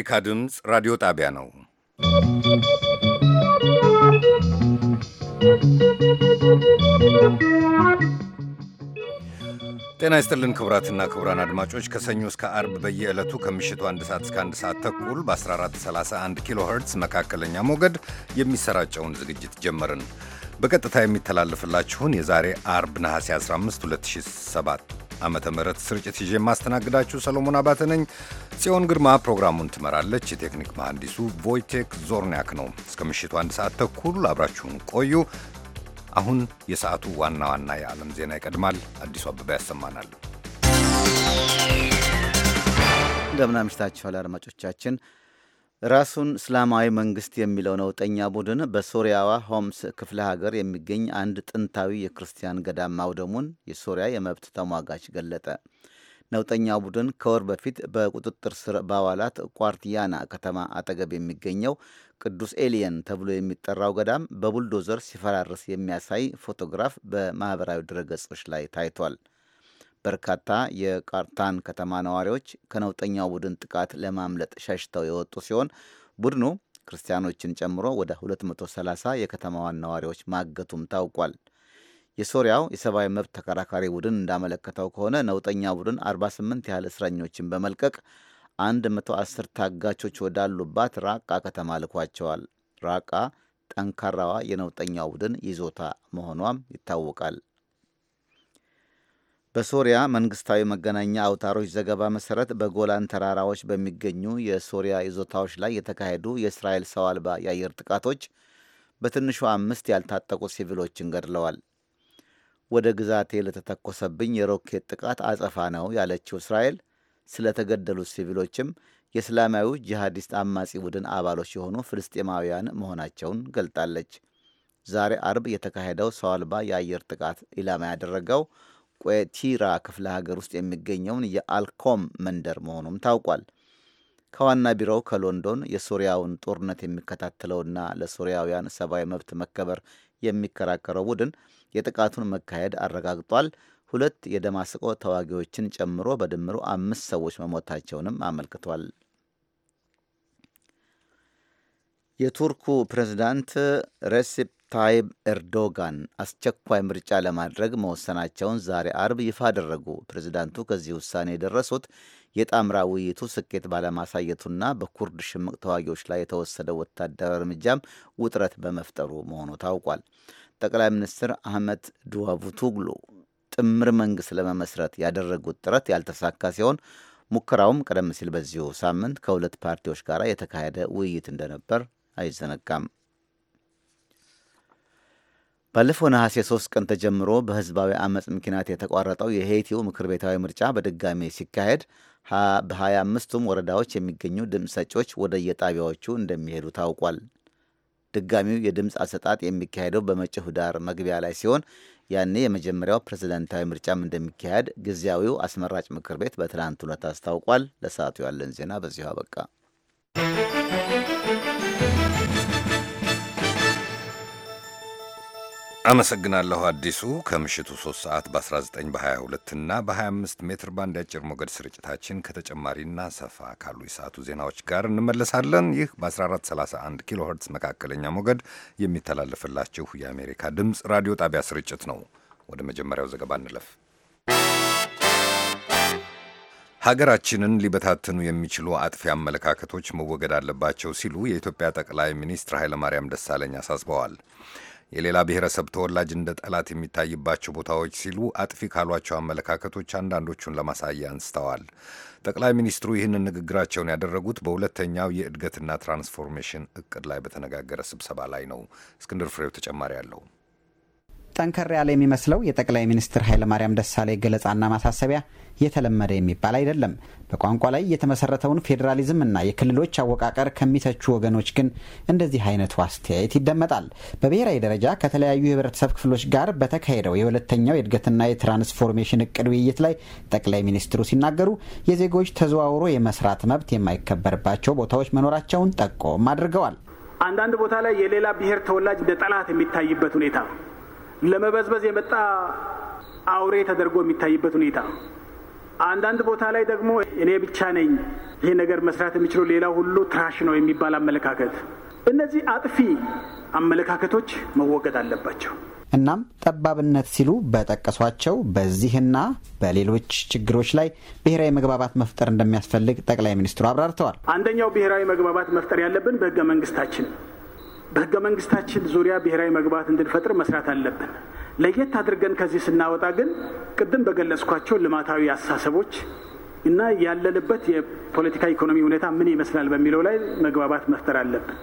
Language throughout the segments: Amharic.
የአሜሪካ ድምፅ ራዲዮ ጣቢያ ነው። ጤና ይስጥልን ክቡራትና ክቡራን አድማጮች ከሰኞ እስከ አርብ በየዕለቱ ከምሽቱ አንድ ሰዓት እስከ አንድ ሰዓት ተኩል በ1431 ኪሎ ኸርትዝ መካከለኛ ሞገድ የሚሰራጨውን ዝግጅት ጀመርን። በቀጥታ የሚተላለፍላችሁን የዛሬ አርብ ነሐሴ 15 2007 ዓመተ ምህረት ስርጭት ይዤ የማስተናግዳችሁ ሰሎሞን አባተ ነኝ። ጽዮን ግርማ ፕሮግራሙን ትመራለች። የቴክኒክ መሐንዲሱ ቮይቴክ ዞርኒያክ ነው። እስከ ምሽቱ አንድ ሰዓት ተኩል አብራችሁን ቆዩ። አሁን የሰዓቱ ዋና ዋና የዓለም ዜና ይቀድማል። አዲሱ አበባ ያሰማናል። እንደምን አምሽታችኋል አድማጮቻችን። ራሱን እስላማዊ መንግስት የሚለው ነውጠኛ ቡድን በሶሪያዋ ሆምስ ክፍለ ሀገር የሚገኝ አንድ ጥንታዊ የክርስቲያን ገዳም ማውደሙን የሶሪያ የመብት ተሟጋች ገለጠ። ነውጠኛ ቡድን ከወር በፊት በቁጥጥር ስር በአዋላት ቋርቲያና ከተማ አጠገብ የሚገኘው ቅዱስ ኤሊየን ተብሎ የሚጠራው ገዳም በቡልዶዘር ሲፈራርስ የሚያሳይ ፎቶግራፍ በማኅበራዊ ድረገጾች ላይ ታይቷል። በርካታ የቃርታን ከተማ ነዋሪዎች ከነውጠኛው ቡድን ጥቃት ለማምለጥ ሸሽተው የወጡ ሲሆን ቡድኑ ክርስቲያኖችን ጨምሮ ወደ 230 የከተማዋን ነዋሪዎች ማገቱም ታውቋል። የሶሪያው የሰብአዊ መብት ተከራካሪ ቡድን እንዳመለከተው ከሆነ ነውጠኛ ቡድን 48 ያህል እስረኞችን በመልቀቅ 110 ታጋቾች ወዳሉባት ራቃ ከተማ ልኳቸዋል። ራቃ ጠንካራዋ የነውጠኛ ቡድን ይዞታ መሆኗም ይታወቃል። በሶሪያ መንግስታዊ መገናኛ አውታሮች ዘገባ መሰረት በጎላን ተራራዎች በሚገኙ የሶሪያ ይዞታዎች ላይ የተካሄዱ የእስራኤል ሰው አልባ የአየር ጥቃቶች በትንሹ አምስት ያልታጠቁ ሲቪሎችን ገድለዋል። ወደ ግዛቴ ለተተኮሰብኝ የሮኬት ጥቃት አጸፋ ነው ያለችው እስራኤል ስለተገደሉት ሲቪሎችም የእስላማዊ ጂሃዲስት አማጺ ቡድን አባሎች የሆኑ ፍልስጤማውያን መሆናቸውን ገልጣለች። ዛሬ አርብ የተካሄደው ሰው አልባ የአየር ጥቃት ኢላማ ያደረገው ቆቲራ ክፍለ ሀገር ውስጥ የሚገኘውን የአልኮም መንደር መሆኑም ታውቋል። ከዋና ቢሮው ከሎንዶን የሶሪያውን ጦርነት የሚከታተለውና ለሶሪያውያን ሰብአዊ መብት መከበር የሚከራከረው ቡድን የጥቃቱን መካሄድ አረጋግጧል። ሁለት የደማስቆ ተዋጊዎችን ጨምሮ በድምሩ አምስት ሰዎች መሞታቸውንም አመልክቷል። የቱርኩ ፕሬዝዳንት ሬሲፕ ታይብ ኤርዶጋን አስቸኳይ ምርጫ ለማድረግ መወሰናቸውን ዛሬ አርብ ይፋ አደረጉ። ፕሬዚዳንቱ ከዚህ ውሳኔ የደረሱት የጣምራ ውይይቱ ስኬት ባለማሳየቱና በኩርድ ሽምቅ ተዋጊዎች ላይ የተወሰደው ወታደራዊ እርምጃም ውጥረት በመፍጠሩ መሆኑ ታውቋል። ጠቅላይ ሚኒስትር አህመት ዱዋቡቱግሉ ጥምር መንግስት ለመመስረት ያደረጉት ጥረት ያልተሳካ ሲሆን ሙከራውም ቀደም ሲል በዚሁ ሳምንት ከሁለት ፓርቲዎች ጋር የተካሄደ ውይይት እንደነበር አይዘነጋም። ባለፈው ነሐሴ ሶስት ቀን ተጀምሮ በህዝባዊ አመፅ ምክንያት የተቋረጠው የሄይቲው ምክር ቤታዊ ምርጫ በድጋሜ ሲካሄድ በሀያ አምስቱም ወረዳዎች የሚገኙ ድምፅ ሰጪዎች ወደ የጣቢያዎቹ እንደሚሄዱ ታውቋል። ድጋሚው የድምፅ አሰጣጥ የሚካሄደው በመጪው ህዳር መግቢያ ላይ ሲሆን ያኔ የመጀመሪያው ፕሬዝደንታዊ ምርጫም እንደሚካሄድ ጊዜያዊው አስመራጭ ምክር ቤት በትናንት ዕለት አስታውቋል። ለሰዓቱ ያለን ዜና በዚሁ አበቃ። አመሰግናለሁ አዲሱ። ከምሽቱ 3 ሰዓት በ19 በ22 እና በ25 ሜትር ባንድ የአጭር ሞገድ ስርጭታችን ከተጨማሪና ሰፋ ካሉ የሰዓቱ ዜናዎች ጋር እንመለሳለን። ይህ በ1431 ኪሎ ኸርትዝ መካከለኛ ሞገድ የሚተላለፍላችሁ የአሜሪካ ድምፅ ራዲዮ ጣቢያ ስርጭት ነው። ወደ መጀመሪያው ዘገባ እንለፍ። ሀገራችንን ሊበታትኑ የሚችሉ አጥፊ አመለካከቶች መወገድ አለባቸው ሲሉ የኢትዮጵያ ጠቅላይ ሚኒስትር ኃይለማርያም ደሳለኝ አሳስበዋል። የሌላ ብሔረሰብ ተወላጅ እንደ ጠላት የሚታይባቸው ቦታዎች ሲሉ አጥፊ ካሏቸው አመለካከቶች አንዳንዶቹን ለማሳያ አንስተዋል። ጠቅላይ ሚኒስትሩ ይህንን ንግግራቸውን ያደረጉት በሁለተኛው የእድገትና ትራንስፎርሜሽን እቅድ ላይ በተነጋገረ ስብሰባ ላይ ነው። እስክንድር ፍሬው ተጨማሪ አለው። ጠንከር ያለ የሚመስለው የጠቅላይ ሚኒስትር ኃይለማርያም ደሳሌ ገለጻና ማሳሰቢያ የተለመደ የሚባል አይደለም። በቋንቋ ላይ የተመሰረተውን ፌዴራሊዝም እና የክልሎች አወቃቀር ከሚተቹ ወገኖች ግን እንደዚህ አይነቱ አስተያየት ይደመጣል። በብሔራዊ ደረጃ ከተለያዩ የህብረተሰብ ክፍሎች ጋር በተካሄደው የሁለተኛው የእድገትና የትራንስፎርሜሽን እቅድ ውይይት ላይ ጠቅላይ ሚኒስትሩ ሲናገሩ የዜጎች ተዘዋውሮ የመስራት መብት የማይከበርባቸው ቦታዎች መኖራቸውን ጠቆም አድርገዋል። አንዳንድ ቦታ ላይ የሌላ ብሔር ተወላጅ እንደ ጠላት የሚታይበት ሁኔታ ለመበዝበዝ የመጣ አውሬ ተደርጎ የሚታይበት ሁኔታ፣ አንዳንድ ቦታ ላይ ደግሞ እኔ ብቻ ነኝ ይህ ነገር መስራት የሚችለው ሌላ ሁሉ ትራሽ ነው የሚባል አመለካከት፣ እነዚህ አጥፊ አመለካከቶች መወገድ አለባቸው። እናም ጠባብነት ሲሉ በጠቀሷቸው በዚህና በሌሎች ችግሮች ላይ ብሔራዊ መግባባት መፍጠር እንደሚያስፈልግ ጠቅላይ ሚኒስትሩ አብራርተዋል። አንደኛው ብሔራዊ መግባባት መፍጠር ያለብን በህገ መንግስታችን በህገ መንግስታችን ዙሪያ ብሔራዊ መግባት እንድንፈጥር መስራት አለብን። ለየት አድርገን ከዚህ ስናወጣ ግን ቅድም በገለጽኳቸው ልማታዊ አስተሳሰቦች እና ያለንበት የፖለቲካ ኢኮኖሚ ሁኔታ ምን ይመስላል በሚለው ላይ መግባባት መፍጠር አለብን።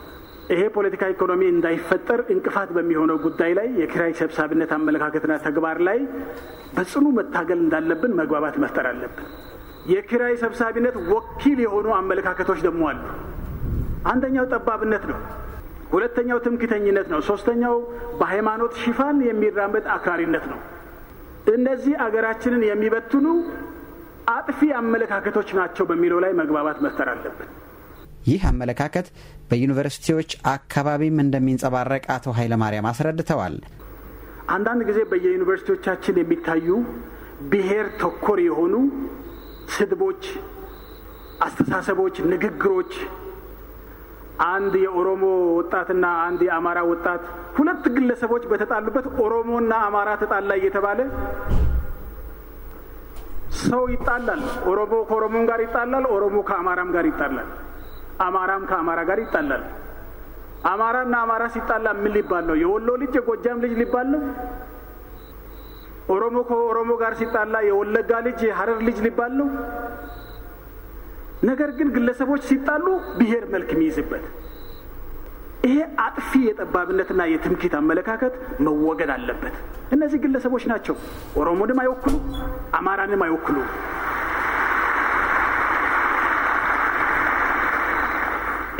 ይሄ ፖለቲካ ኢኮኖሚ እንዳይፈጠር እንቅፋት በሚሆነው ጉዳይ ላይ የኪራይ ሰብሳቢነት አመለካከትና ተግባር ላይ በጽኑ መታገል እንዳለብን መግባባት መፍጠር አለብን። የኪራይ ሰብሳቢነት ወኪል የሆኑ አመለካከቶች ደግሞ አሉ። አንደኛው ጠባብነት ነው። ሁለተኛው ትምክተኝነት ነው። ሶስተኛው በሃይማኖት ሽፋን የሚራመድ አክራሪነት ነው። እነዚህ አገራችንን የሚበትኑ አጥፊ አመለካከቶች ናቸው በሚለው ላይ መግባባት መፍጠር አለብን። ይህ አመለካከት በዩኒቨርሲቲዎች አካባቢም እንደሚንጸባረቅ አቶ ኃይለማርያም አስረድተዋል። አንዳንድ ጊዜ በየዩኒቨርሲቲዎቻችን የሚታዩ ብሔር ተኮር የሆኑ ስድቦች፣ አስተሳሰቦች፣ ንግግሮች አንድ የኦሮሞ ወጣትና አንድ የአማራ ወጣት ሁለት ግለሰቦች በተጣሉበት ኦሮሞና አማራ ተጣላ እየተባለ ሰው ይጣላል። ኦሮሞ ከኦሮሞም ጋር ይጣላል። ኦሮሞ ከአማራም ጋር ይጣላል። አማራም ከአማራ ጋር ይጣላል። አማራና አማራ ሲጣላ ምን ሊባል ነው? የወሎ ልጅ የጎጃም ልጅ ሊባል ነው? ኦሮሞ ከኦሮሞ ጋር ሲጣላ የወለጋ ልጅ የሀረር ልጅ ሊባል ነው? ነገር ግን ግለሰቦች ሲጣሉ ብሔር መልክ የሚይዝበት ይሄ አጥፊ የጠባብነትና የትምክህት አመለካከት መወገድ አለበት። እነዚህ ግለሰቦች ናቸው ኦሮሞንም አይወክሉ፣ አማራንም አይወክሉ።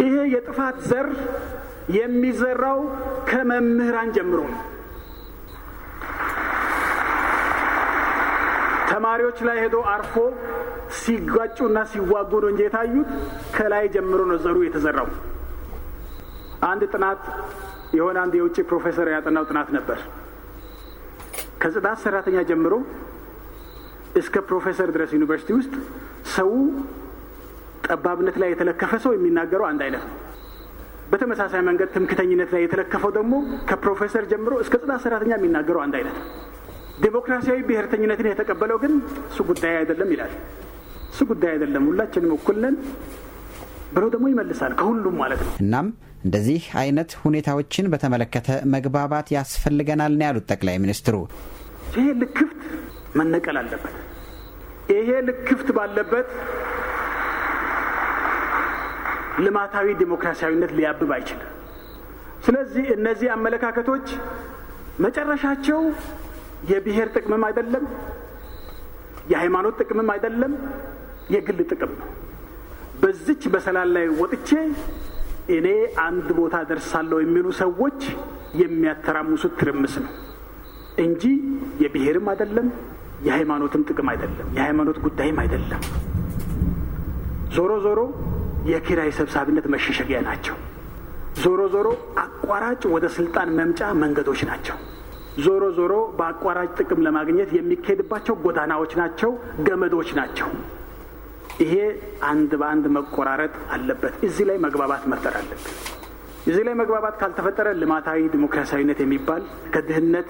ይሄ የጥፋት ዘር የሚዘራው ከመምህራን ጀምሮ ነው። ተማሪዎች ላይ ሄዶ አርፎ ሲጓጩና ሲዋጉ ነው እንጂ የታዩት ከላይ ጀምሮ ነው ዘሩ የተዘራው። አንድ ጥናት የሆነ አንድ የውጭ ፕሮፌሰር ያጠናው ጥናት ነበር። ከጽዳት ሰራተኛ ጀምሮ እስከ ፕሮፌሰር ድረስ ዩኒቨርሲቲ ውስጥ ሰው ጠባብነት ላይ የተለከፈ ሰው የሚናገረው አንድ አይነት ነው። በተመሳሳይ መንገድ ትምክተኝነት ላይ የተለከፈው ደግሞ ከፕሮፌሰር ጀምሮ እስከ ጽዳት ሰራተኛ የሚናገረው አንድ አይነት ነው። ዴሞክራሲያዊ ብሔርተኝነትን የተቀበለው ግን እሱ ጉዳይ አይደለም ይላል። እሱ ጉዳይ አይደለም። ሁላችንም እኩል ነን ብለው ደግሞ ይመልሳል ከሁሉም ማለት ነው። እናም እንደዚህ አይነት ሁኔታዎችን በተመለከተ መግባባት ያስፈልገናል ነው ያሉት ጠቅላይ ሚኒስትሩ። ይሄ ልክፍት መነቀል አለበት። ይሄ ልክፍት ባለበት ልማታዊ ዲሞክራሲያዊነት ሊያብብ አይችልም። ስለዚህ እነዚህ አመለካከቶች መጨረሻቸው የብሔር ጥቅምም አይደለም፣ የሃይማኖት ጥቅምም አይደለም፣ የግል ጥቅም ነው። በዚች በሰላም ላይ ወጥቼ እኔ አንድ ቦታ ደርሳለሁ የሚሉ ሰዎች የሚያተራምሱት ትርምስ ነው እንጂ የብሔርም አይደለም የሃይማኖትም ጥቅም አይደለም፣ የሃይማኖት ጉዳይም አይደለም። ዞሮ ዞሮ የኪራይ ሰብሳቢነት መሸሸጊያ ናቸው። ዞሮ ዞሮ አቋራጭ ወደ ስልጣን መምጫ መንገዶች ናቸው። ዞሮ ዞሮ በአቋራጭ ጥቅም ለማግኘት የሚካሄድባቸው ጎዳናዎች ናቸው፣ ገመዶች ናቸው። ይሄ አንድ በአንድ መቆራረጥ አለበት። እዚህ ላይ መግባባት መፍጠር አለብን። እዚህ ላይ መግባባት ካልተፈጠረ ልማታዊ ዲሞክራሲያዊነት የሚባል ከድህነት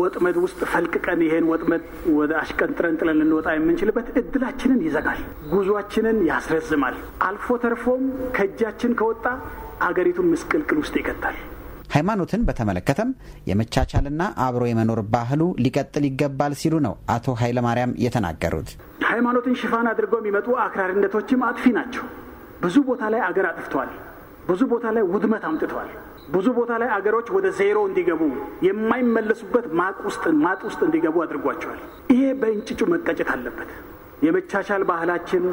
ወጥመድ ውስጥ ፈልቅቀን ይሄን ወጥመድ ወደ አሽቀንጥረን ጥለን ልንወጣ የምንችልበት እድላችንን ይዘጋል፣ ጉዟችንን ያስረዝማል። አልፎ ተርፎም ከእጃችን ከወጣ አገሪቱን ምስቅልቅል ውስጥ ይከታል። ሃይማኖትን በተመለከተም የመቻቻልና አብሮ የመኖር ባህሉ ሊቀጥል ይገባል ሲሉ ነው አቶ ኃይለማርያም የተናገሩት። ሃይማኖትን ሽፋን አድርገው የሚመጡ አክራሪነቶችም አጥፊ ናቸው። ብዙ ቦታ ላይ አገር አጥፍተዋል። ብዙ ቦታ ላይ ውድመት አምጥተዋል። ብዙ ቦታ ላይ አገሮች ወደ ዜሮ እንዲገቡ የማይመለሱበት ማጥ ውስጥ ማጥ ውስጥ እንዲገቡ አድርጓቸዋል። ይሄ በእንጭጩ መቀጨት አለበት። የመቻቻል ባህላችን፣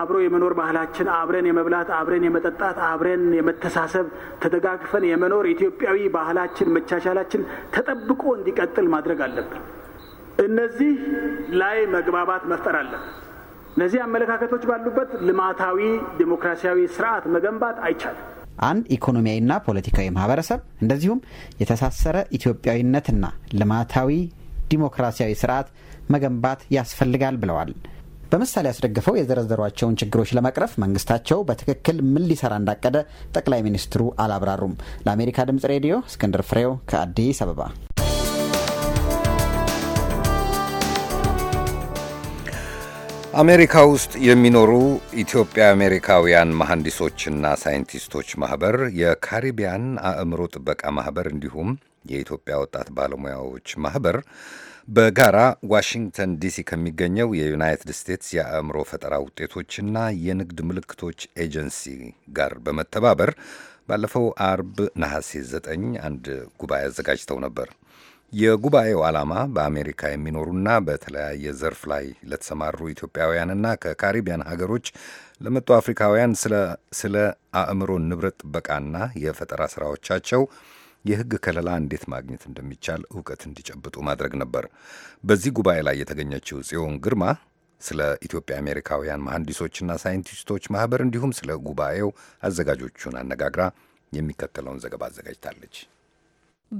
አብሮ የመኖር ባህላችን፣ አብረን የመብላት አብረን የመጠጣት አብረን የመተሳሰብ ተደጋግፈን የመኖር ኢትዮጵያዊ ባህላችን መቻቻላችን ተጠብቆ እንዲቀጥል ማድረግ አለብን። እነዚህ ላይ መግባባት መፍጠር አለን። እነዚህ አመለካከቶች ባሉበት ልማታዊ ዴሞክራሲያዊ ስርዓት መገንባት አይቻልም። አንድ ኢኮኖሚያዊና ፖለቲካዊ ማህበረሰብ እንደዚሁም የተሳሰረ ኢትዮጵያዊነትና ልማታዊ ዲሞክራሲያዊ ስርዓት መገንባት ያስፈልጋል ብለዋል። በምሳሌ ያስደግፈው የዘረዘሯቸውን ችግሮች ለመቅረፍ መንግስታቸው በትክክል ምን ሊሰራ እንዳቀደ ጠቅላይ ሚኒስትሩ አላብራሩም። ለአሜሪካ ድምጽ ሬዲዮ እስክንድር ፍሬው ከአዲስ አበባ አሜሪካ ውስጥ የሚኖሩ ኢትዮጵያ አሜሪካውያን መሐንዲሶችና ሳይንቲስቶች ማኅበር፣ የካሪቢያን አእምሮ ጥበቃ ማኅበር እንዲሁም የኢትዮጵያ ወጣት ባለሙያዎች ማኅበር በጋራ ዋሽንግተን ዲሲ ከሚገኘው የዩናይትድ ስቴትስ የአእምሮ ፈጠራ ውጤቶችና የንግድ ምልክቶች ኤጀንሲ ጋር በመተባበር ባለፈው አርብ ነሐሴ 9 አንድ ጉባኤ አዘጋጅተው ነበር። የጉባኤው ዓላማ በአሜሪካ የሚኖሩና በተለያየ ዘርፍ ላይ ለተሰማሩ ኢትዮጵያውያንና ከካሪቢያን ሀገሮች ለመጡ አፍሪካውያን ስለ አእምሮ ንብረት ጥበቃና የፈጠራ ስራዎቻቸው የሕግ ከለላ እንዴት ማግኘት እንደሚቻል እውቀት እንዲጨብጡ ማድረግ ነበር። በዚህ ጉባኤ ላይ የተገኘችው ጽዮን ግርማ ስለ ኢትዮጵያ አሜሪካውያን መሐንዲሶችና ሳይንቲስቶች ማኅበር እንዲሁም ስለ ጉባኤው አዘጋጆቹን አነጋግራ የሚከተለውን ዘገባ አዘጋጅታለች።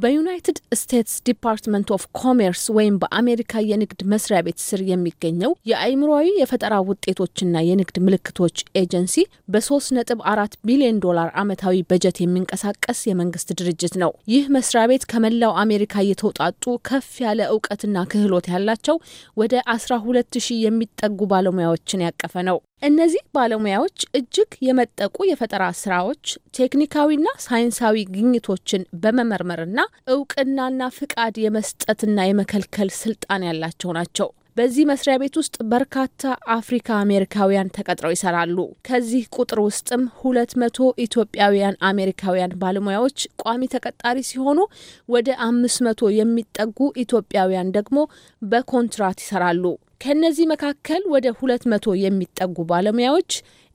በዩናይትድ ስቴትስ ዲፓርትመንት ኦፍ ኮሜርስ ወይም በአሜሪካ የንግድ መስሪያ ቤት ስር የሚገኘው የአይምሮዊ የፈጠራ ውጤቶችና የንግድ ምልክቶች ኤጀንሲ በሶስት ነጥብ አራት ቢሊዮን ዶላር ዓመታዊ በጀት የሚንቀሳቀስ የመንግስት ድርጅት ነው። ይህ መስሪያ ቤት ከመላው አሜሪካ የተውጣጡ ከፍ ያለ እውቀትና ክህሎት ያላቸው ወደ አስራ ሁለት ሺህ የሚጠጉ ባለሙያዎችን ያቀፈ ነው። እነዚህ ባለሙያዎች እጅግ የመጠቁ የፈጠራ ስራዎች ቴክኒካዊና ሳይንሳዊ ግኝቶችን በመመርመርና እውቅናና ፍቃድ የመስጠትና የመከልከል ስልጣን ያላቸው ናቸው። በዚህ መስሪያ ቤት ውስጥ በርካታ አፍሪካ አሜሪካውያን ተቀጥረው ይሰራሉ። ከዚህ ቁጥር ውስጥም ሁለት መቶ ኢትዮጵያውያን አሜሪካውያን ባለሙያዎች ቋሚ ተቀጣሪ ሲሆኑ ወደ አምስት መቶ የሚጠጉ ኢትዮጵያውያን ደግሞ በኮንትራት ይሰራሉ። ከእነዚህ መካከል ወደ ሁለት መቶ የሚጠጉ ባለሙያዎች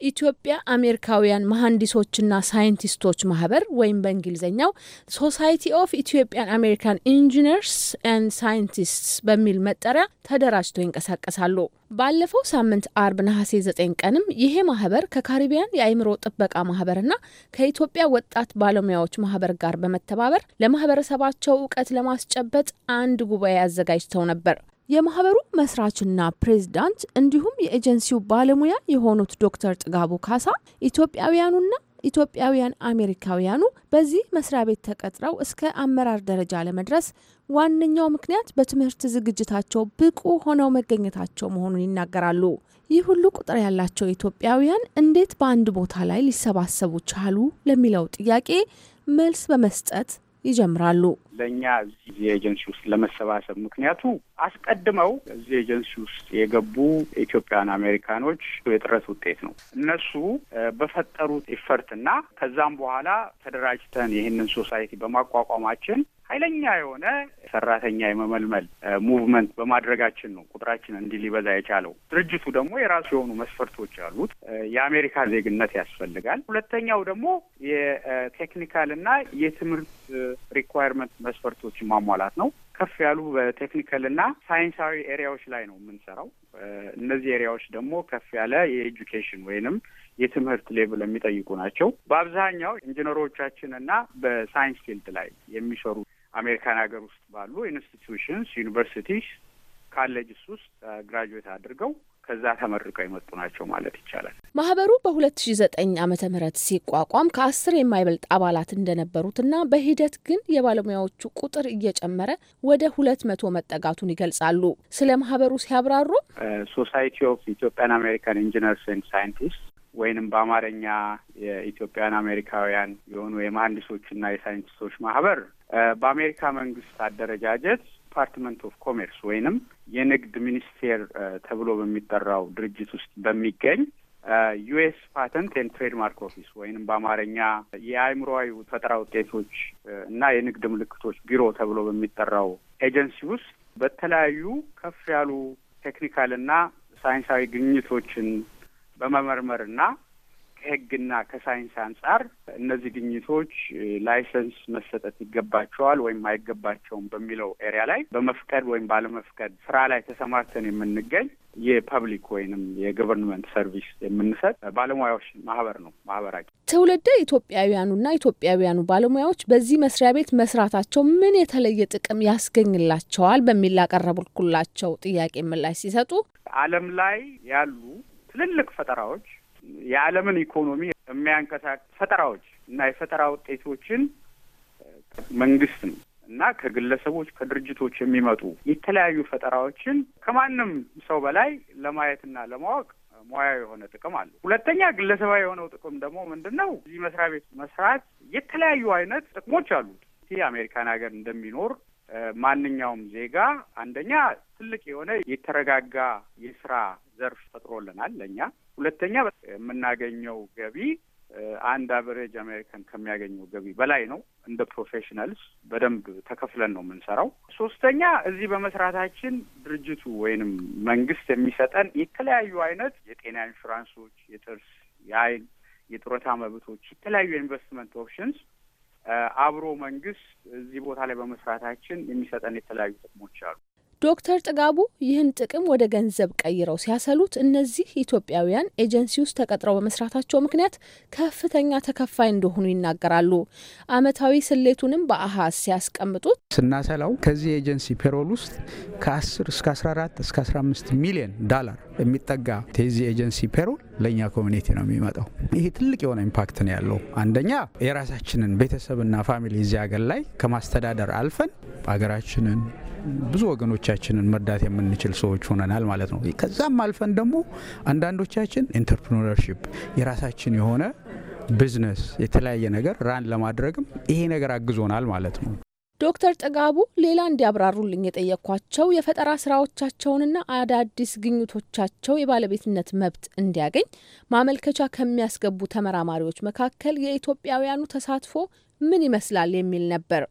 ኢትዮጵያ አሜሪካውያን መሐንዲሶችና ሳይንቲስቶች ማህበር ወይም በእንግሊዝኛው ሶሳይቲ ኦፍ ኢትዮጵያን አሜሪካን ኢንጂነርስ ኤንድ ሳይንቲስትስ በሚል መጠሪያ ተደራጅተው ይንቀሳቀሳሉ። ባለፈው ሳምንት አርብ ነሐሴ 9 ቀንም ይሄ ማህበር ከካሪቢያን የአእምሮ ጥበቃ ማህበርና ከኢትዮጵያ ወጣት ባለሙያዎች ማህበር ጋር በመተባበር ለማህበረሰባቸው እውቀት ለማስጨበጥ አንድ ጉባኤ አዘጋጅተው ነበር። የማህበሩ መስራችና ፕሬዝዳንት እንዲሁም የኤጀንሲው ባለሙያ የሆኑት ዶክተር ጥጋቡ ካሳ ኢትዮጵያውያኑና ኢትዮጵያውያን አሜሪካውያኑ በዚህ መስሪያ ቤት ተቀጥረው እስከ አመራር ደረጃ ለመድረስ ዋነኛው ምክንያት በትምህርት ዝግጅታቸው ብቁ ሆነው መገኘታቸው መሆኑን ይናገራሉ። ይህ ሁሉ ቁጥር ያላቸው ኢትዮጵያውያን እንዴት በአንድ ቦታ ላይ ሊሰባሰቡ ቻሉ ለሚለው ጥያቄ መልስ በመስጠት ይጀምራሉ። ለእኛ እዚህ ኤጀንሲ ውስጥ ለመሰባሰብ ምክንያቱ አስቀድመው እዚህ ኤጀንሲ ውስጥ የገቡ ኢትዮጵያን አሜሪካኖች የጥረት ውጤት ነው። እነሱ በፈጠሩት ኢፈርትና ከዛም በኋላ ተደራጅተን ይህንን ሶሳይቲ በማቋቋማችን ኃይለኛ የሆነ ሰራተኛ የመመልመል ሙቭመንት በማድረጋችን ነው ቁጥራችን እንዲህ ሊበዛ የቻለው። ድርጅቱ ደግሞ የራሱ የሆኑ መስፈርቶች አሉት። የአሜሪካ ዜግነት ያስፈልጋል። ሁለተኛው ደግሞ የቴክኒካል እና የትምህርት ሪኳየርመንት መስፈርቶችን ማሟላት ነው። ከፍ ያሉ በቴክኒካል እና ሳይንሳዊ ኤሪያዎች ላይ ነው የምንሰራው። እነዚህ ኤሪያዎች ደግሞ ከፍ ያለ የኤጁኬሽን ወይንም የትምህርት ሌቭል የሚጠይቁ ናቸው። በአብዛኛው ኢንጂነሮቻችን እና በሳይንስ ፊልድ ላይ የሚሰሩ አሜሪካን ሀገር ውስጥ ባሉ ኢንስቲትዩሽንስ ዩኒቨርሲቲስ ካሌጅስ ውስጥ ግራጁዌት አድርገው ከዛ ተመርቀው የመጡ ናቸው ማለት ይቻላል። ማህበሩ በ2009 ዓ ም ሲቋቋም ከአስር የማይበልጥ አባላት እንደነበሩትና በሂደት ግን የባለሙያዎቹ ቁጥር እየጨመረ ወደ ሁለት መቶ መጠጋቱን ይገልጻሉ። ስለ ማህበሩ ሲያብራሩ ሶሳይቲ ኦፍ ኢትዮጵያን አሜሪካን ኢንጂነርስ ኤንድ ሳይንቲስት ወይንም በአማርኛ የኢትዮጵያን አሜሪካውያን የሆኑ የመሀንዲሶችና የሳይንቲስቶች ማህበር በአሜሪካ መንግስት አደረጃጀት ዲፓርትመንት ኦፍ ኮሜርስ ወይንም የንግድ ሚኒስቴር ተብሎ በሚጠራው ድርጅት ውስጥ በሚገኝ ዩኤስ ፓተንት ኤንድ ትሬድማርክ ኦፊስ ወይንም በአማርኛ የአእምሮአዊ ፈጠራ ውጤቶች እና የንግድ ምልክቶች ቢሮ ተብሎ በሚጠራው ኤጀንሲ ውስጥ በተለያዩ ከፍ ያሉ ቴክኒካል እና ሳይንሳዊ ግኝቶችን በመመርመርና ከህግና ከሳይንስ አንጻር እነዚህ ግኝቶች ላይሰንስ መሰጠት ይገባቸዋል ወይም አይገባቸውም በሚለው ኤሪያ ላይ በመፍቀድ ወይም ባለመፍቀድ ስራ ላይ ተሰማርተን የምንገኝ የፐብሊክ ወይንም የገቨርንመንት ሰርቪስ የምንሰጥ ባለሙያዎች ማህበር ነው። ማህበራችን ትውልደ ኢትዮጵያውያኑና ኢትዮጵያውያኑ ባለሙያዎች በዚህ መስሪያ ቤት መስራታቸው ምን የተለየ ጥቅም ያስገኝላቸዋል በሚል ላቀረብኩላቸው ጥያቄ ምላሽ ሲሰጡ ዓለም ላይ ያሉ ትልልቅ ፈጠራዎች የዓለምን ኢኮኖሚ የሚያንቀሳቅስ ፈጠራዎች እና የፈጠራ ውጤቶችን መንግስት ነው እና ከግለሰቦች ከድርጅቶች የሚመጡ የተለያዩ ፈጠራዎችን ከማንም ሰው በላይ ለማየትና ለማወቅ ሙያ የሆነ ጥቅም አለ። ሁለተኛ ግለሰባዊ የሆነው ጥቅም ደግሞ ምንድን ነው? እዚህ መስሪያ ቤት መስራት የተለያዩ አይነት ጥቅሞች አሉት። ይህ አሜሪካን ሀገር እንደሚኖር ማንኛውም ዜጋ አንደኛ ትልቅ የሆነ የተረጋጋ የስራ ዘርፍ ፈጥሮልናል ለእኛ። ሁለተኛ የምናገኘው ገቢ አንድ አቨሬጅ አሜሪካን ከሚያገኘው ገቢ በላይ ነው። እንደ ፕሮፌሽናልስ በደንብ ተከፍለን ነው የምንሰራው። ሶስተኛ እዚህ በመስራታችን ድርጅቱ ወይንም መንግስት የሚሰጠን የተለያዩ አይነት የጤና ኢንሹራንሶች፣ የጥርስ፣ የአይን፣ የጡረታ መብቶች፣ የተለያዩ ኢንቨስትመንት ኦፕሽንስ አብሮ መንግስት እዚህ ቦታ ላይ በመስራታችን የሚሰጠን የተለያዩ ጥቅሞች አሉ። ዶክተር ጥጋቡ ይህን ጥቅም ወደ ገንዘብ ቀይረው ሲያሰሉት እነዚህ ኢትዮጵያውያን ኤጀንሲ ውስጥ ተቀጥረው በመስራታቸው ምክንያት ከፍተኛ ተከፋይ እንደሆኑ ይናገራሉ። አመታዊ ስሌቱንም በአሃዝ ሲያስቀምጡት ስናሰላው ከዚህ ኤጀንሲ ፔሮል ውስጥ ከ10 እስከ 14 እስከ 15 ሚሊዮን ዳላር የሚጠጋ የዚህ ኤጀንሲ ፔሮል ለእኛ ኮሚኒቲ ነው የሚመጣው። ይሄ ትልቅ የሆነ ኢምፓክት ነው ያለው። አንደኛ የራሳችንን ቤተሰብና ፋሚሊ እዚህ ሀገር ላይ ከማስተዳደር አልፈን ሀገራችንን ብዙ ወገኖቻችንን መርዳት የምንችል ሰዎች ሆነናል ማለት ነው። ከዛም አልፈን ደግሞ አንዳንዶቻችን ኢንተርፕሪነርሽፕ የራሳችን የሆነ ቢዝነስ የተለያየ ነገር ራን ለማድረግም ይሄ ነገር አግዞናል ማለት ነው። ዶክተር ጥጋቡ ሌላ እንዲያብራሩልኝ የጠየኳቸው የፈጠራ ስራዎቻቸውንና አዳዲስ ግኝቶቻቸው የባለቤትነት መብት እንዲያገኝ ማመልከቻ ከሚያስገቡ ተመራማሪዎች መካከል የኢትዮጵያውያኑ ተሳትፎ ምን ይመስላል የሚል ነበር።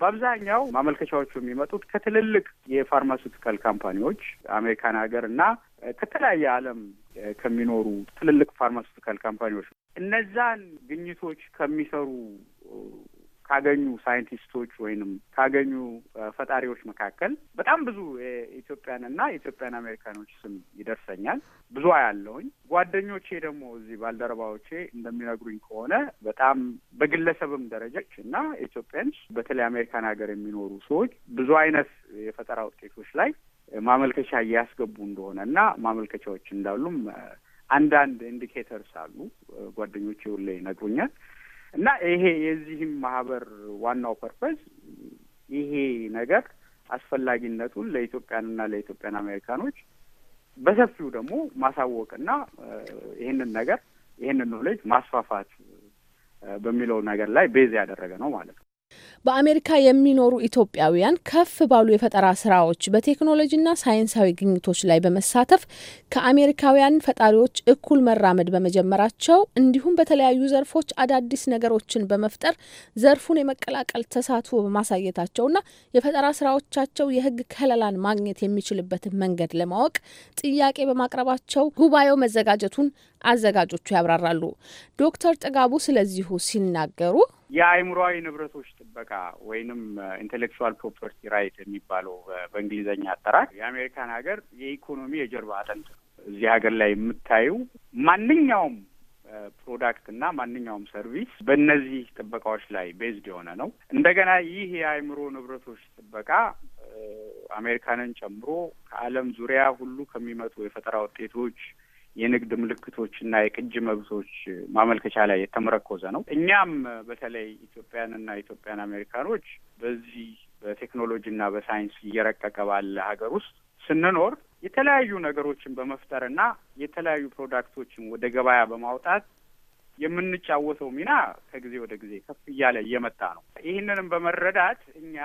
በአብዛኛው ማመልከቻዎቹ የሚመጡት ከትልልቅ የፋርማሲቲካል ካምፓኒዎች አሜሪካን ሀገር እና ከተለያየ ዓለም ከሚኖሩ ትልልቅ ፋርማሲቲካል ካምፓኒዎች እነዛን ግኝቶች ከሚሰሩ ካገኙ ሳይንቲስቶች ወይንም ካገኙ ፈጣሪዎች መካከል በጣም ብዙ የኢትዮጵያንና የኢትዮጵያን አሜሪካኖች ስም ይደርሰኛል። ብዙ አያለሁኝ። ጓደኞቼ ደግሞ እዚህ ባልደረባዎቼ እንደሚነግሩኝ ከሆነ በጣም በግለሰብም ደረጃች እና ኢትዮጵያንስ በተለይ አሜሪካን ሀገር የሚኖሩ ሰዎች ብዙ አይነት የፈጠራ ውጤቶች ላይ ማመልከቻ እያስገቡ እንደሆነ እና ማመልከቻዎች እንዳሉም አንዳንድ ኢንዲኬተርስ አሉ ጓደኞቼ ሁሌ ይነግሩኛል። እና ይሄ የዚህም ማህበር ዋናው ፐርፐዝ ይሄ ነገር አስፈላጊነቱን ለኢትዮጵያንና ለኢትዮጵያን አሜሪካኖች በሰፊው ደግሞ ማሳወቅና ይህንን ነገር ይህንን ኖሌጅ ማስፋፋት በሚለው ነገር ላይ ቤዝ ያደረገ ነው ማለት ነው። በአሜሪካ የሚኖሩ ኢትዮጵያውያን ከፍ ባሉ የፈጠራ ስራዎች በቴክኖሎጂና ሳይንሳዊ ግኝቶች ላይ በመሳተፍ ከአሜሪካውያን ፈጣሪዎች እኩል መራመድ በመጀመራቸው እንዲሁም በተለያዩ ዘርፎች አዳዲስ ነገሮችን በመፍጠር ዘርፉን የመቀላቀል ተሳትፎ በማሳየታቸውና የፈጠራ ስራዎቻቸው የሕግ ከለላን ማግኘት የሚችልበትን መንገድ ለማወቅ ጥያቄ በማቅረባቸው ጉባኤው መዘጋጀቱን አዘጋጆቹ ያብራራሉ። ዶክተር ጥጋቡ ስለዚሁ ሲናገሩ የአእምሯዊ ንብረቶች ጥበቃ ወይንም ኢንቴሌክቹዋል ፕሮፐርቲ ራይት የሚባለው በእንግሊዝኛ አጠራር የአሜሪካን ሀገር የኢኮኖሚ የጀርባ አጥንት ነው። እዚህ ሀገር ላይ የምታዩ ማንኛውም ፕሮዳክት እና ማንኛውም ሰርቪስ በእነዚህ ጥበቃዎች ላይ ቤዝድ የሆነ ነው። እንደገና ይህ የአእምሮ ንብረቶች ጥበቃ አሜሪካንን ጨምሮ ከዓለም ዙሪያ ሁሉ ከሚመጡ የፈጠራ ውጤቶች የንግድ ምልክቶችና የቅጅ መብቶች ማመልከቻ ላይ የተመረኮዘ ነው። እኛም በተለይ ኢትዮጵያንና ኢትዮጵያን አሜሪካኖች በዚህ በቴክኖሎጂና በሳይንስ እየረቀቀ ባለ ሀገር ውስጥ ስንኖር የተለያዩ ነገሮችን በመፍጠርና የተለያዩ ፕሮዳክቶችን ወደ ገበያ በማውጣት የምንጫወተው ሚና ከጊዜ ወደ ጊዜ ከፍ እያለ እየመጣ ነው። ይህንንም በመረዳት እኛ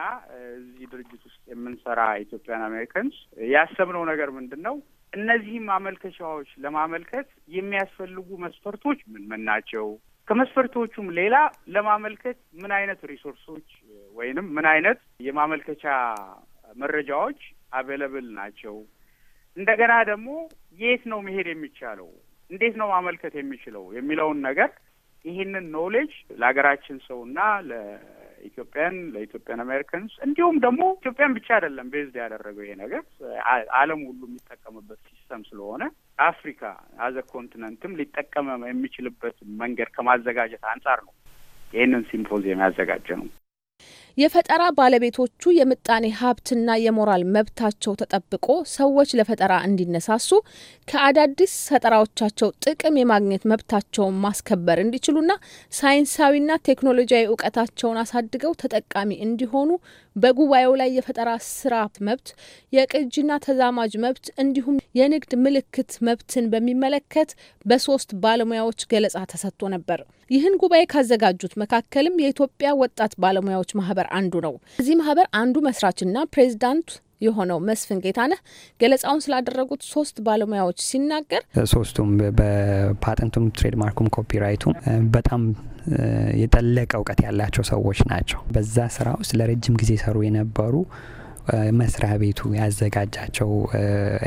እዚህ ድርጅት ውስጥ የምንሰራ ኢትዮጵያን አሜሪካንስ ያሰብነው ነገር ምንድን ነው? እነዚህም ማመልከቻዎች ለማመልከት የሚያስፈልጉ መስፈርቶች ምን ምን ናቸው? ከመስፈርቶቹም ሌላ ለማመልከት ምን አይነት ሪሶርሶች ወይንም ምን አይነት የማመልከቻ መረጃዎች አቬለብል ናቸው? እንደገና ደግሞ የት ነው መሄድ የሚቻለው? እንዴት ነው ማመልከት የሚችለው የሚለውን ነገር ይህንን ኖሌጅ ለሀገራችን እና ኢትዮጵያን ለኢትዮጵያን አሜሪካንስ እንዲሁም ደግሞ ኢትዮጵያን ብቻ አይደለም ቤዝድ ያደረገው ይሄ ነገር ዓለም ሁሉ የሚጠቀምበት ሲስተም ስለሆነ አፍሪካ አዘ ኮንቲነንትም ሊጠቀም የሚችልበት መንገድ ከማዘጋጀት አንጻር ነው ይህንን ሲምፖዚየም ያዘጋጀ ነው። የፈጠራ ባለቤቶቹ የምጣኔ ሀብትና የሞራል መብታቸው ተጠብቆ ሰዎች ለፈጠራ እንዲነሳሱ ከአዳዲስ ፈጠራዎቻቸው ጥቅም የማግኘት መብታቸውን ማስከበር እንዲችሉና ሳይንሳዊና ቴክኖሎጂያዊ እውቀታቸውን አሳድገው ተጠቃሚ እንዲሆኑ በጉባኤው ላይ የፈጠራ ስራ መብት፣ የቅጂና ተዛማጅ መብት እንዲሁም የንግድ ምልክት መብትን በሚመለከት በሶስት ባለሙያዎች ገለጻ ተሰጥቶ ነበር። ይህን ጉባኤ ካዘጋጁት መካከልም የኢትዮጵያ ወጣት ባለሙያዎች ማህበር አንዱ ነው። እዚህ ማህበር አንዱ መስራችና ፕሬዚዳንት የሆነው መስፍን ጌታነህ ገለጻውን ስላደረጉት ሶስት ባለሙያዎች ሲናገር ሶስቱም በፓተንቱም ትሬድማርኩም ኮፒራይቱም በጣም የጠለቀ እውቀት ያላቸው ሰዎች ናቸው። በዛ ስራ ውስጥ ለረጅም ጊዜ ሰሩ የነበሩ መስሪያ ቤቱ ያዘጋጃቸው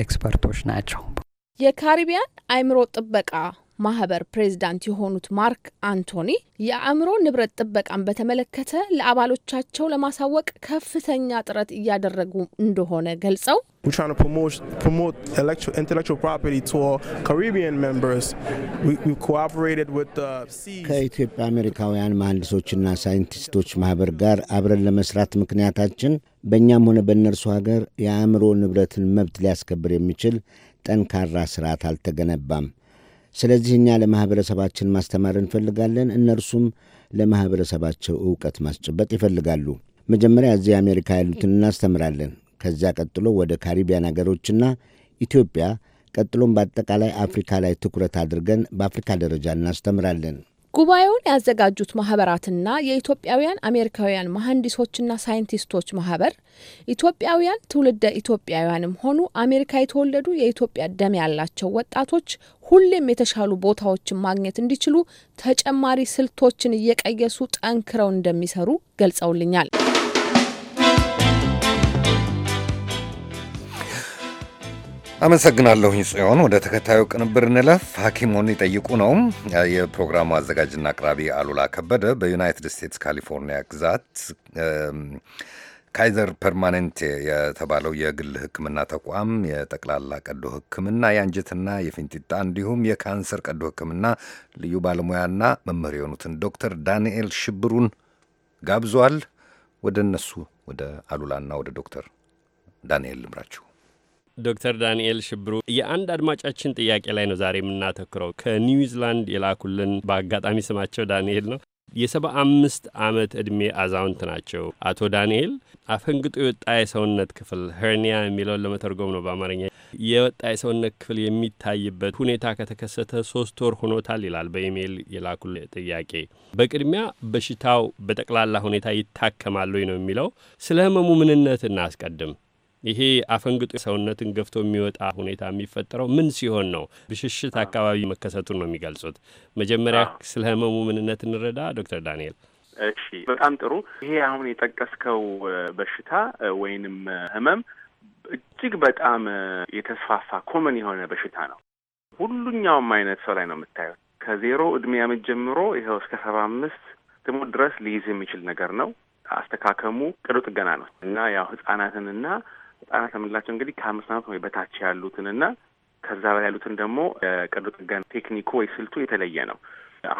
ኤክስፐርቶች ናቸው። የካሪቢያን አይምሮ ጥበቃ ማህበር ፕሬዝዳንት የሆኑት ማርክ አንቶኒ የአእምሮ ንብረት ጥበቃን በተመለከተ ለአባሎቻቸው ለማሳወቅ ከፍተኛ ጥረት እያደረጉ እንደሆነ ገልጸው ከኢትዮጵያ አሜሪካውያን መሐንዲሶችና ሳይንቲስቶች ማህበር ጋር አብረን ለመስራት ምክንያታችን በእኛም ሆነ በእነርሱ ሀገር የአእምሮ ንብረትን መብት ሊያስከብር የሚችል ጠንካራ ስርዓት አልተገነባም። ስለዚህ እኛ ለማኅበረሰባችን ማስተማር እንፈልጋለን፣ እነርሱም ለማኅበረሰባቸው ዕውቀት ማስጨበጥ ይፈልጋሉ። መጀመሪያ እዚህ አሜሪካ ያሉትን እናስተምራለን። ከዚያ ቀጥሎ ወደ ካሪቢያን አገሮችና ኢትዮጵያ፣ ቀጥሎም በአጠቃላይ አፍሪካ ላይ ትኩረት አድርገን በአፍሪካ ደረጃ እናስተምራለን። ጉባኤውን ያዘጋጁት ማህበራትና የኢትዮጵያውያን አሜሪካውያን መሐንዲሶችና ሳይንቲስቶች ማህበር ኢትዮጵያውያን ትውልደ ኢትዮጵያውያንም ሆኑ አሜሪካ የተወለዱ የኢትዮጵያ ደም ያላቸው ወጣቶች ሁሌም የተሻሉ ቦታዎችን ማግኘት እንዲችሉ ተጨማሪ ስልቶችን እየቀየሱ ጠንክረው እንደሚሰሩ ገልጸውልኛል። አመሰግናለሁኝ ጽዮን። ወደ ተከታዩ ቅንብር እንለፍ። ሐኪሙን ይጠይቁ ነው። የፕሮግራሙ አዘጋጅና አቅራቢ አሉላ ከበደ በዩናይትድ ስቴትስ ካሊፎርኒያ ግዛት ካይዘር ፐርማኔንቴ የተባለው የግል ሕክምና ተቋም የጠቅላላ ቀዶ ሕክምና የአንጀትና የፊንጢጣ እንዲሁም የካንሰር ቀዶ ሕክምና ልዩ ባለሙያና መምህር የሆኑትን ዶክተር ዳንኤል ሽብሩን ጋብዟል። ወደ እነሱ ወደ አሉላና ወደ ዶክተር ዳንኤል ልምራችሁ። ዶክተር ዳንኤል ሽብሩ የአንድ አድማጫችን ጥያቄ ላይ ነው ዛሬ የምናተኩረው። ከኒውዚላንድ የላኩልን በአጋጣሚ ስማቸው ዳንኤል ነው። የሰባ አምስት ዓመት ዕድሜ አዛውንት ናቸው። አቶ ዳንኤል አፈንግጦ የወጣ የሰውነት ክፍል ሄርኒያ የሚለውን ለመተርጎም ነው በአማርኛ የወጣ የሰውነት ክፍል የሚታይበት ሁኔታ ከተከሰተ ሶስት ወር ሆኖታል ይላል በኢሜይል የላኩል ጥያቄ። በቅድሚያ በሽታው በጠቅላላ ሁኔታ ይታከማሉ ነው የሚለው። ስለ ህመሙ ምንነት እናስቀድም። ይሄ አፈንግጦ ሰውነትን ገፍቶ የሚወጣ ሁኔታ የሚፈጠረው ምን ሲሆን ነው? ብሽሽት አካባቢ መከሰቱን ነው የሚገልጹት። መጀመሪያ ስለ ህመሙ ምንነት እንረዳ ዶክተር ዳንኤል። እሺ፣ በጣም ጥሩ። ይሄ አሁን የጠቀስከው በሽታ ወይንም ህመም እጅግ በጣም የተስፋፋ ኮመን የሆነ በሽታ ነው። ሁሉኛውም አይነት ሰው ላይ ነው የምታየው። ከዜሮ እድሜ ዓመት ጀምሮ ይኸው እስከ ሰባ አምስት ደግሞ ድረስ ሊይዝ የሚችል ነገር ነው። አስተካከሙ ቅዱ ጥገና ነው እና ያው ህጻናትንና ህጻናት የምንላቸው እንግዲህ ከአምስት ዓመት ወይ በታች ያሉትን እና ከዛ በላይ ያሉትን ደግሞ ቀዶ ጥገና ቴክኒኩ ወይ ስልቱ የተለየ ነው።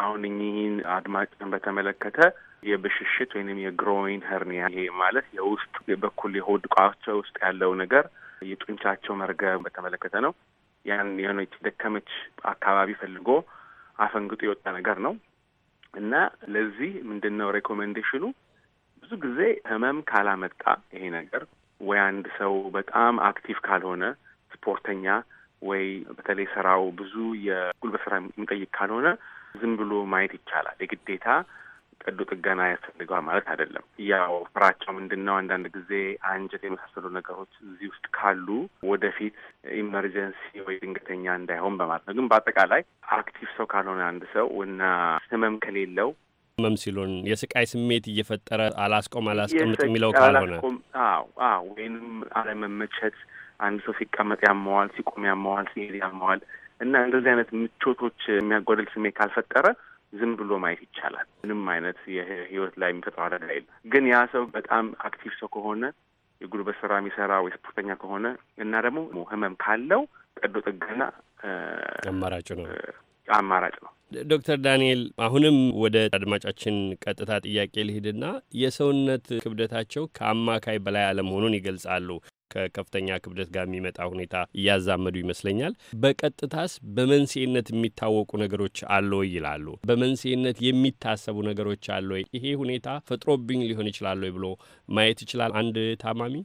አሁን እኚህን አድማጭን በተመለከተ የብሽሽት ወይንም የግሮይን ሄርኒያ ይሄ ማለት የውስጥ በኩል የሆድ ቋቸው ውስጥ ያለው ነገር የጡንቻቸው መርገብ በተመለከተ ነው። ያን የሆነች ደከመች አካባቢ ፈልጎ አፈንግጦ የወጣ ነገር ነው እና ለዚህ ምንድን ነው ሬኮሜንዴሽኑ ብዙ ጊዜ ህመም ካላመጣ ይሄ ነገር ወይ አንድ ሰው በጣም አክቲቭ ካልሆነ ስፖርተኛ ወይ በተለይ ስራው ብዙ የጉልበት ስራ የሚጠይቅ ካልሆነ ዝም ብሎ ማየት ይቻላል። የግዴታ ቀዶ ጥገና ያስፈልገዋል ማለት አይደለም። ያው ፍራቸው ምንድን ነው? አንዳንድ ጊዜ አንጀት የመሳሰሉ ነገሮች እዚህ ውስጥ ካሉ ወደፊት ኢመርጀንሲ ወይ ድንገተኛ እንዳይሆን በማለት ነው። ግን በአጠቃላይ አክቲቭ ሰው ካልሆነ አንድ ሰው እና ህመም ከሌለው ሲሉን የስቃይ ስሜት እየፈጠረ አላስቆም አላስቀምጥ የሚለው ካልሆነ ወይም አለመመቸት፣ አንድ ሰው ሲቀመጥ ያመዋል፣ ሲቆም ያመዋል፣ ሲሄድ ያመዋል እና እንደዚህ አይነት ምቾቶች የሚያጓደል ስሜት ካልፈጠረ ዝም ብሎ ማየት ይቻላል። ምንም አይነት የህይወት ላይ የሚፈጥረው አደጋ የለም። ግን ያ ሰው በጣም አክቲቭ ሰው ከሆነ የጉልበት ስራ የሚሰራ ወይ ስፖርተኛ ከሆነ እና ደግሞ ህመም ካለው ቀዶ ጥገና አማራጭ ነው አማራጭ ነው። ዶክተር ዳንኤል አሁንም ወደ አድማጫችን ቀጥታ ጥያቄ ልሂድና የሰውነት ክብደታቸው ከአማካይ በላይ አለመሆኑን ይገልጻሉ። ከከፍተኛ ክብደት ጋር የሚመጣ ሁኔታ እያዛመዱ ይመስለኛል። በቀጥታስ በመንስኤነት የሚታወቁ ነገሮች አሉ ይላሉ። በመንስኤነት የሚታሰቡ ነገሮች አሉ። ይሄ ሁኔታ ፈጥሮብኝ ሊሆን ይችላል ብሎ ማየት ይችላል አንድ ታማሚ?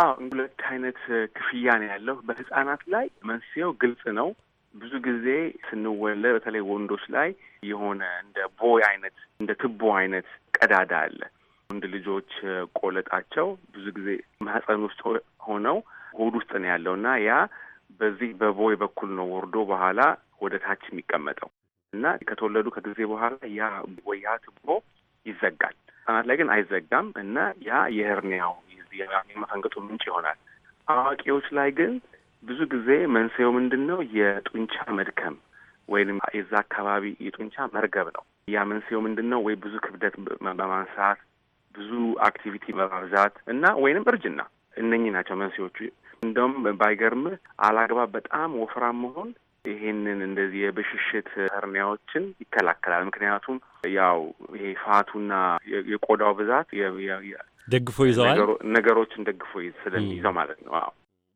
አዎ ሁለት አይነት ክፍያ ነው ያለው። በህጻናት ላይ መንስኤው ግልጽ ነው። ብዙ ጊዜ ስንወለድ በተለይ ወንዶች ላይ የሆነ እንደ ቦይ አይነት እንደ ትቦ አይነት ቀዳዳ አለ። ወንድ ልጆች ቆለጣቸው ብዙ ጊዜ ማህፀን ውስጥ ሆነው ሆድ ውስጥ ነው ያለው እና ያ በዚህ በቦይ በኩል ነው ወርዶ በኋላ ወደ ታች የሚቀመጠው እና ከተወለዱ ከጊዜ በኋላ ያ ቦይ ትቦ ይዘጋል። ህጻናት ላይ ግን አይዘጋም እና ያ የህርኒያው የመፈንገጡ ምንጭ ይሆናል። አዋቂዎች ላይ ግን ብዙ ጊዜ መንስኤው ምንድን ነው? የጡንቻ መድከም ወይም የዛ አካባቢ የጡንቻ መርገብ ነው። ያ መንስኤው ምንድን ነው? ወይ ብዙ ክብደት በማንሳት ብዙ አክቲቪቲ በማብዛት እና ወይንም እርጅና፣ እነኚህ ናቸው መንስኤዎቹ። እንደውም ባይገርም አላግባብ በጣም ወፍራም መሆን ይሄንን እንደዚህ የብሽሽት ህርኒያዎችን ይከላከላል። ምክንያቱም ያው ይሄ ፋቱና የቆዳው ብዛት ደግፎ ይዘዋል ነገሮችን ደግፎ ስለሚይዘው ማለት ነው። አዎ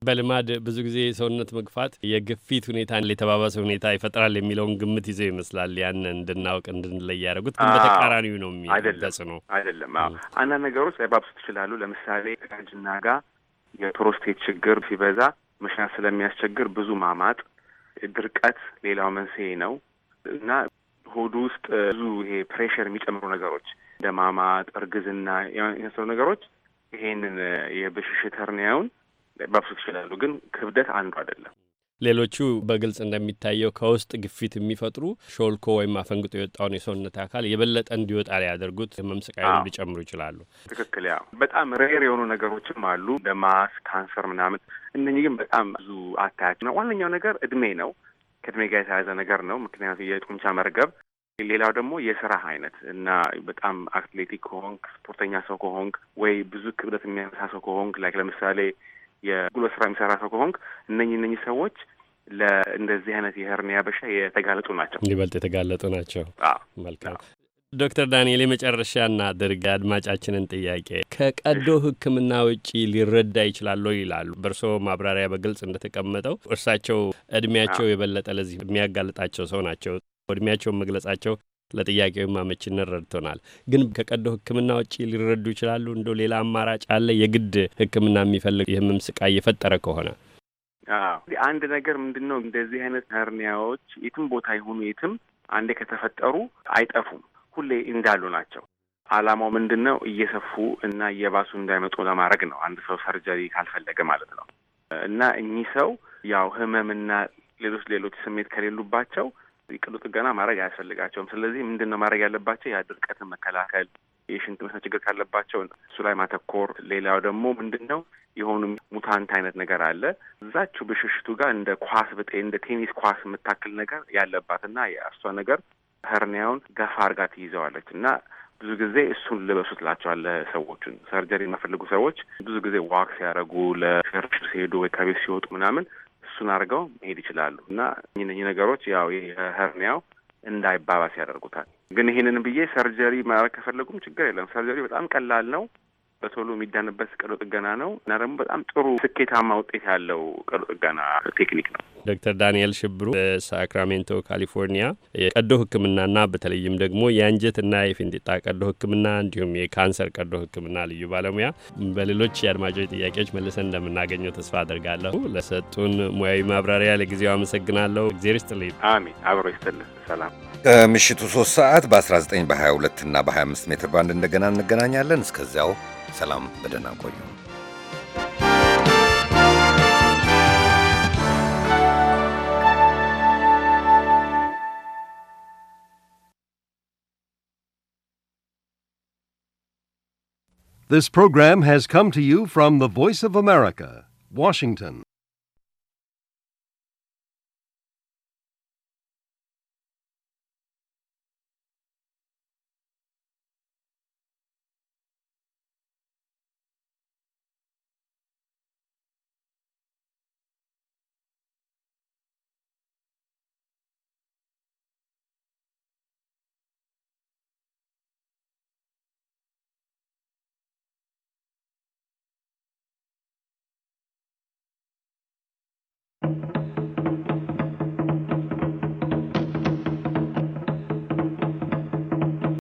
በልማድ ብዙ ጊዜ የሰውነት መግፋት የግፊት ሁኔታን የተባባሰ ሁኔታ ይፈጥራል የሚለውን ግምት ይዘው ይመስላል ያን እንድናውቅ እንድንለይ ያደረጉት፣ ግን በተቃራኒው ነው የሚደጽ ነው አይደለም። አንዳንድ ነገሮች ሊያባብሱ ይችላሉ። ለምሳሌ ከእርጅና ጋር የፕሮስቴት ችግር ሲበዛ መሽናት ስለሚያስቸግር ብዙ ማማጥ፣ ድርቀት ሌላው መንስኤ ነው እና ሆዱ ውስጥ ብዙ ይሄ ፕሬሽር የሚጨምሩ ነገሮች እንደ ማማጥ፣ እርግዝና የመሰሉ ነገሮች ይሄንን የብሽሽት ሄርኒያውን መፍሱ ይችላሉ። ግን ክብደት አንዱ አይደለም። ሌሎቹ በግልጽ እንደሚታየው ከውስጥ ግፊት የሚፈጥሩ ሾልኮ ወይም አፈንግጦ የወጣውን የሰውነት አካል የበለጠ እንዲወጣ ሊያደርጉት ህመም ስቃይ ሊጨምሩ ይችላሉ። ትክክል። ያ በጣም ሬር የሆኑ ነገሮችም አሉ እንደ ማስ ካንሰር ምናምን። እነኚህ ግን በጣም ብዙ አታያች ነው። ዋነኛው ነገር እድሜ ነው። ከእድሜ ጋር የተያያዘ ነገር ነው። ምክንያቱ የጡንቻ መርገብ ሌላው ደግሞ የስራ አይነት እና በጣም አትሌቲክ ከሆንክ ስፖርተኛ ሰው ከሆንክ ወይ ብዙ ክብደት የሚያነሳ ሰው ከሆንክ ላይክ ለምሳሌ የጉልበት ስራ የሚሰራ ሰው ከሆንክ እነኝ እነኝ ሰዎች ለእንደዚህ አይነት የሄርኒያ በሽታ የተጋለጡ ናቸው፣ ሊበልጥ የተጋለጡ ናቸው። መልካም ዶክተር ዳንኤል የመጨረሻና እናድርግ አድማጫችንን ጥያቄ ከቀዶ ሕክምና ውጪ ሊረዳ ይችላሉ ይላሉ። በእርስዎ ማብራሪያ በግልጽ እንደተቀመጠው እርሳቸው እድሜያቸው የበለጠ ለዚህ የሚያጋልጣቸው ሰው ናቸው። እድሜያቸውን መግለጻቸው ለጥያቄው ማመችነት ረድቶናል። ግን ከቀዶ ሕክምና ውጭ ሊረዱ ይችላሉ? እንደ ሌላ አማራጭ አለ? የግድ ሕክምና የሚፈልግ የህመም ስቃይ የፈጠረ ከሆነ አንድ ነገር ምንድን ነው፣ እንደዚህ አይነት ሀርኒያዎች የትም ቦታ ይሁኑ የትም አንዴ ከተፈጠሩ አይጠፉም፣ ሁሌ እንዳሉ ናቸው። አላማው ምንድን ነው? እየሰፉ እና እየባሱ እንዳይመጡ ለማድረግ ነው። አንድ ሰው ሰርጀሪ ካልፈለገ ማለት ነው። እና እኚህ ሰው ያው ህመምና ሌሎች ሌሎች ስሜት ከሌሉባቸው የቀዶ ጥገና ማድረግ አያስፈልጋቸውም። ስለዚህ ምንድን ነው ማድረግ ያለባቸው? የአየር ድርቀትን መከላከል፣ የሽንት መስመር ችግር ካለባቸው እሱ ላይ ማተኮር። ሌላው ደግሞ ምንድን ነው የሆኑ ሙታንት አይነት ነገር አለ እዛችሁ ብሽሽቱ ጋር እንደ ኳስ ብጤ እንደ ቴኒስ ኳስ የምታክል ነገር ያለባት እና የእሷ ነገር ሄርኒያውን ገፋ አድርጋ ትይዘዋለች እና ብዙ ጊዜ እሱን ልበሱ ትላቸዋለህ። ሰዎቹን ሰርጀሪ የማፈልጉ ሰዎች ብዙ ጊዜ ዋክስ ያደረጉ ለሽርሽር ሲሄዱ ወይ ከቤት ሲወጡ ምናምን እሱን አድርገው መሄድ ይችላሉ እና እነኚህ ነገሮች ያው የህርኒያው እንዳይባባስ ያደርጉታል። ግን ይህንን ብዬ ሰርጀሪ ማድረግ ከፈለጉም ችግር የለም። ሰርጀሪ በጣም ቀላል ነው። በቶሎ የሚዳንበት ቀዶ ጥገና ነው እና ደግሞ በጣም ጥሩ ስኬታማ ውጤት ያለው ቀዶ ጥገና ቴክኒክ ነው። ዶክተር ዳንኤል ሽብሩ በሳክራሜንቶ ካሊፎርኒያ የቀዶ ሕክምናና በተለይም ደግሞ የአንጀትና የፊንጢጣ ቀዶ ሕክምና እንዲሁም የካንሰር ቀዶ ሕክምና ልዩ ባለሙያ በሌሎች የአድማጮች ጥያቄዎች መልሰን እንደምናገኘው ተስፋ አድርጋለሁ። ለሰጡን ሙያዊ ማብራሪያ ለጊዜው አመሰግናለሁ። እግዜር ይስጥልኝ። አሜን። አብሮ ይስጥልን። ሰላም። ከምሽቱ 3 ሰዓት በ19 በ22 እና በ25 ሜትር ባንድ እንደገና እንገናኛለን። እስከዚያው ሰላም፣ በደህና ቆዩ። This program has come to you from the Voice of America, Washington.